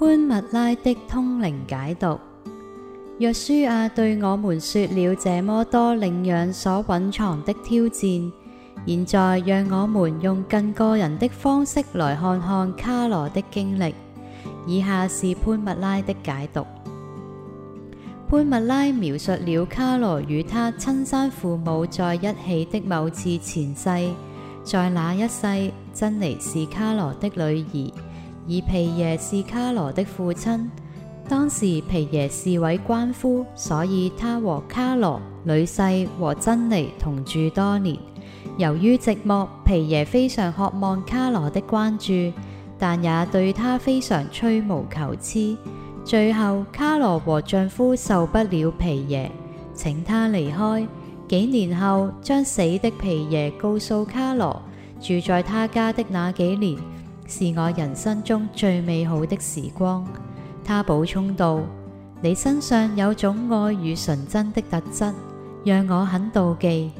潘蜜拉的通靈解讀，若書亞對我們說了這麼多領養所隱藏的挑戰，現在讓我們用更個人的方式來看看卡羅的經歷。以下是潘蜜拉的解讀。潘蜜拉描述了卡羅與他親生父母在一起的某次前世，在那一世，珍妮是卡羅的女兒。而皮耶是卡羅的父親，當時皮耶是位鰥夫，所以他和卡羅女婿和珍妮同住多年。由於寂寞，皮耶非常渴望卡羅的關注，但也對他非常吹毛求疵。最後，卡羅和丈夫受不了皮耶，請他離開。幾年後，將死的皮耶告訴卡羅，住在他家的那幾年，是我人生中最美好的時光，他補充道。你身上有種愛與純真的特質，讓我很妒忌。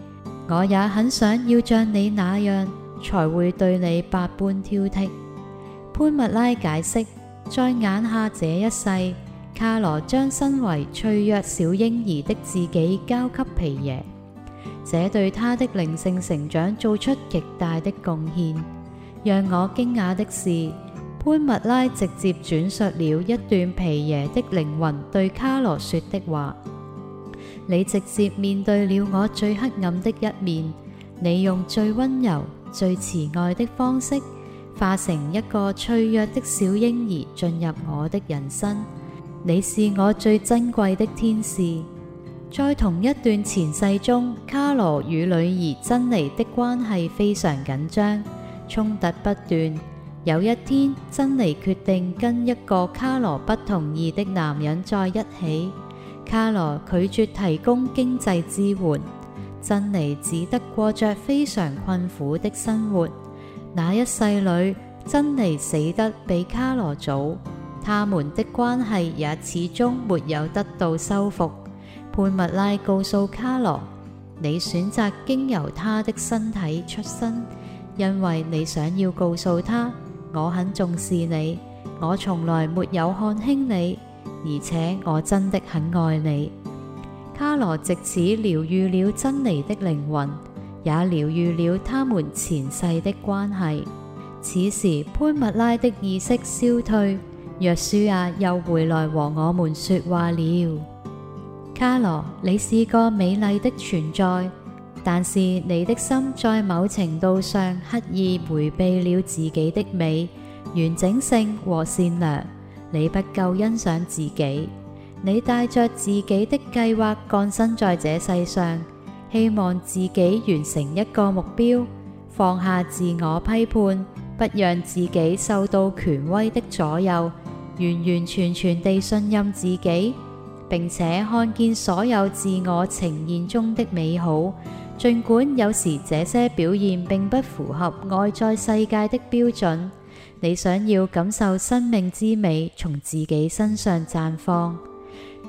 我也很想要像你那樣，才會對你百般挑剔。潘蜜拉解釋，在眼下這一世，卡羅將身為脆弱小嬰兒的自己交給皮耶，這對他的靈性成長做出極大的貢獻。讓我驚訝的是，潘蜜拉直接轉述了一段皮耶的靈魂對卡羅說的話：你直接面對了我最黑暗的一面，你用最溫柔、最慈愛的方式，化成一個脆弱的小嬰兒進入我的人生。你是我最珍貴的天使。在同一段前世中，卡羅與女兒珍妮的關係非常緊張。衝突不斷。有一天，珍妮決定跟一個卡羅不同意的男人在一起。卡羅拒絕提供經濟支援，珍妮只得過着非常困苦的生活。那一世裏，珍妮死得比卡羅早，他們的關係也始終沒有得到修復。潘蜜拉告訴卡羅：你選擇經由他的身體出生。因為你想要告訴他，我很重視你，我從來沒有看輕你，而且我真的很愛你。卡羅，直此療愈了珍妮的靈魂，也療愈了他們前世的關係。此時，潘蜜拉的意識消退，約書亞又回來和我們說話了。卡羅，你是個美麗的存在。但是你的心在某程度上刻意回避了自己的美、完整性和善良。你不夠欣賞自己，你帶着自己的計劃降生在這世上，希望自己完成一個目標，放下自我批判，不讓自己受到權威的左右，完完全全地信任自己，並且看見所有自我呈現中的美好。儘管有時，這些表現並不符合外在世界的標準，你想要感受生命之美，從自己身上綻放。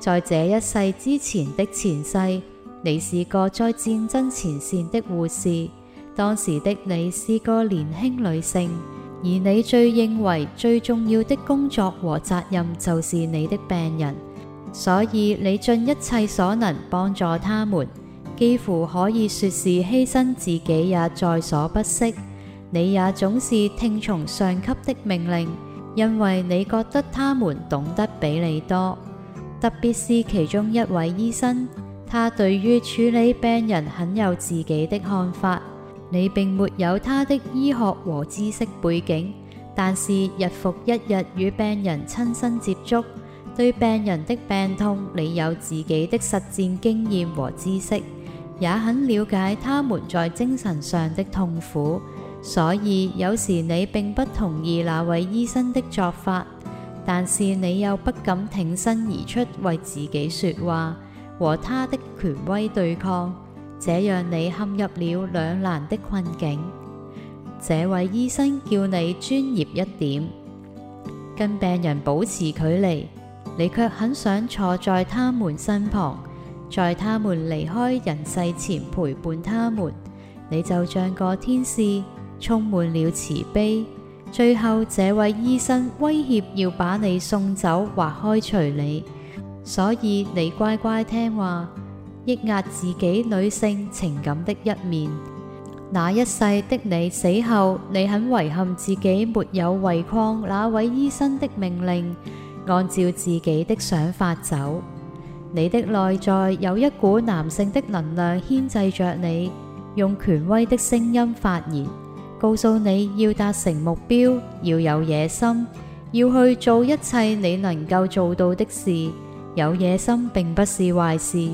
在這一世之前的前世，你是個在戰爭前線的護士，當時的你是個年輕女性，而你最認為最重要的工作和責任就是你的病人，所以你盡一切所能幫助他們。幾乎可以說是犧牲自己也在所不惜。你也總是聽從上級的命令，因為你覺得他們懂得比你多。特別是其中一位醫生，他對於處理病人很有自己的看法。你並沒有他的醫學和知識背景，但是日復一日與病人親身接觸，對病人的病痛，你有自己的實戰經驗和知識。也很了解他們在精神上的痛苦，所以有時你並不同意那位醫生的做法，但是你又不敢挺身而出為自己說話，和他的權威對抗，這讓你陷入了兩難的困境。這位醫生叫你專業一點，跟病人保持距離，你卻很想坐在他們身旁。在他們離開人世前陪伴他們，你就像個天使，充滿了慈悲。最後這位醫生威脅要把你送走或開除你，所以你乖乖聽話，抑壓自己女性情感的一面。那一世的你死後，你很遺憾自己沒有違抗那位醫生的命令，按照自己的想法走。你的內在有一股男性的能量牽制着你，用權威的聲音發言，告訴你要達成目標，要有野心，要去做一切你能夠做到的事。有野心並不是壞事，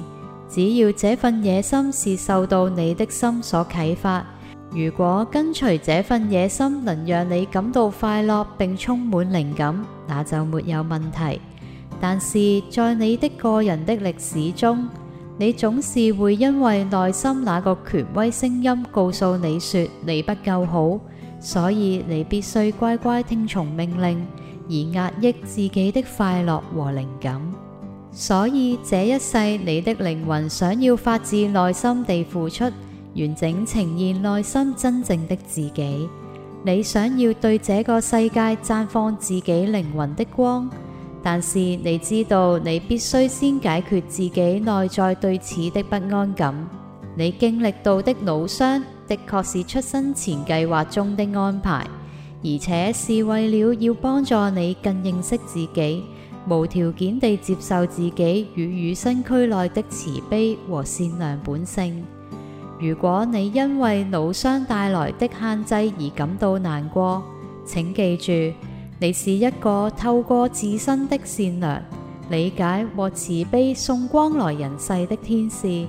只要這份野心是受到你的心所啟發。如果跟隨這份野心能讓你感到快樂並充滿靈感，那就沒有問題。但是在你的個人的歷史中，你總是會因為內心那個權威聲音告訴你說你不夠好，所以你必須乖乖聽從命令而壓抑自己的快樂和靈感。所以這一世你的靈魂想要發自內心地付出，完整呈現內心真正的自己。你想要對這個世界綻放自己靈魂的光。但是你知道，你必須先解決自己內在對此的不安感。你經歷到的腦傷，的確是出生前計劃中的安排，而且是為了要幫助你更認識自己，無條件地接受自己與與生俱內的慈悲和善良本性。如果你因為腦傷帶來的限制而感到難過，請記住。你是一個透過自身的善良、理解或慈悲送光來人世的天使，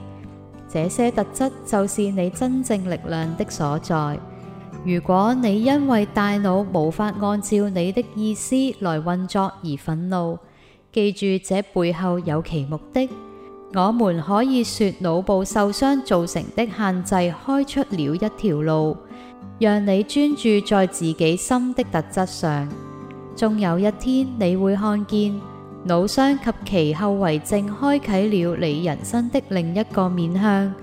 這些特質就是你真正力量的所在。如果你因為大腦無法按照你的意思來運作而憤怒，記住這背後有其目的。我們可以說，腦部受傷造成的限制開出了一條路，讓你專注在自己心的特質上。仲有一天你會看見腦傷及其後遺症開啟了你人生的另一個面向。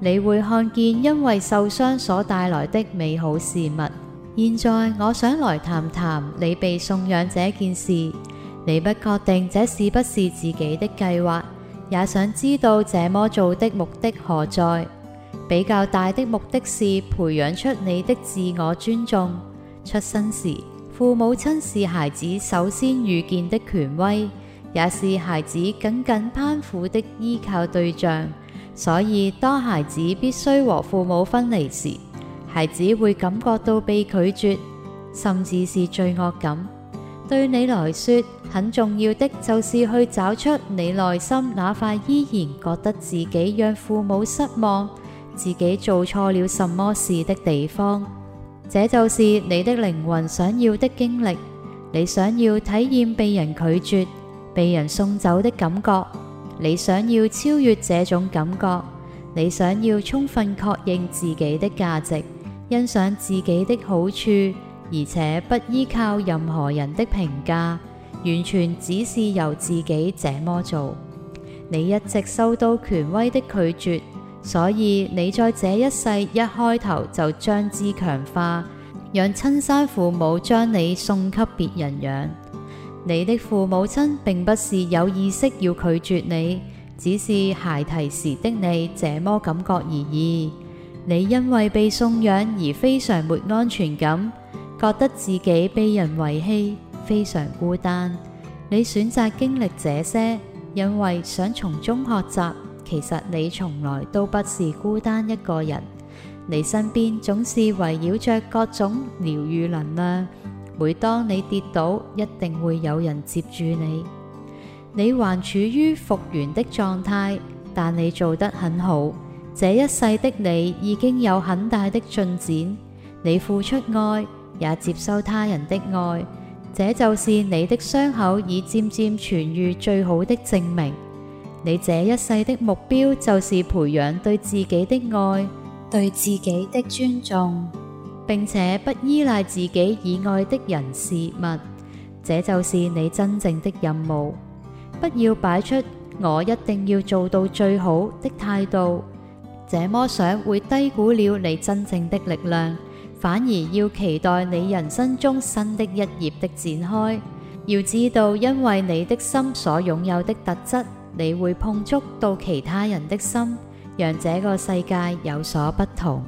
你會看見因為受傷所帶來的美好事物。現在我想來談談你被送養這件事。你不確定這是不是自己的計劃，也想知道這麼做的目的何在。比較大的目的是培養出你的自我尊重。出生時，父母親是孩子首先遇見的權威，也是孩子緊緊攀附的依靠對象。所以，當孩子必須和父母分離時，孩子會感覺到被拒絕，甚至是罪惡感。對你來說，很重要的就是去找出你內心那塊依然覺得自己讓父母失望、自己做錯了什麼事的地方。這就是你的靈魂想要的經歷，你想要體驗被人拒絕、被人送走的感覺，你想要超越這種感覺，你想要充分確認自己的價值，欣賞自己的好處，而且不依靠任何人的評價，完全只是由自己這麼做。你一直受到權威的拒絕。所以你在這一世一開頭就將之強化，讓親生父母將你送給別人養。你的父母親並不是有意識要拒絕你，只是孩提時的你這麼感覺而已。你因為被送養而非常沒安全感，覺得自己被人遺棄，非常孤單。你選擇經歷這些，因為想從中學習。其實你從來都不是孤單一個人，你身邊總是圍繞着各種療癒能量。每當你跌倒，一定會有人接住你。你還處於復原的狀態，但你做得很好。這一世的你已經有很大的進展。你付出愛，也接收他人的愛，這就是你的傷口已漸漸痊癒最好的證明。你這一世的目標就是培養對自己的愛、對自己的尊重，並且不依賴自己以外的人事物。這就是你真正的任務。不要擺出我一定要做到最好的態度，這麼想會低估了你真正的力量，反而要期待你人生中新的一頁的展開。要知道，因為你的心所擁有的特質。你會碰觸到其他人的心，讓這個世界有所不同。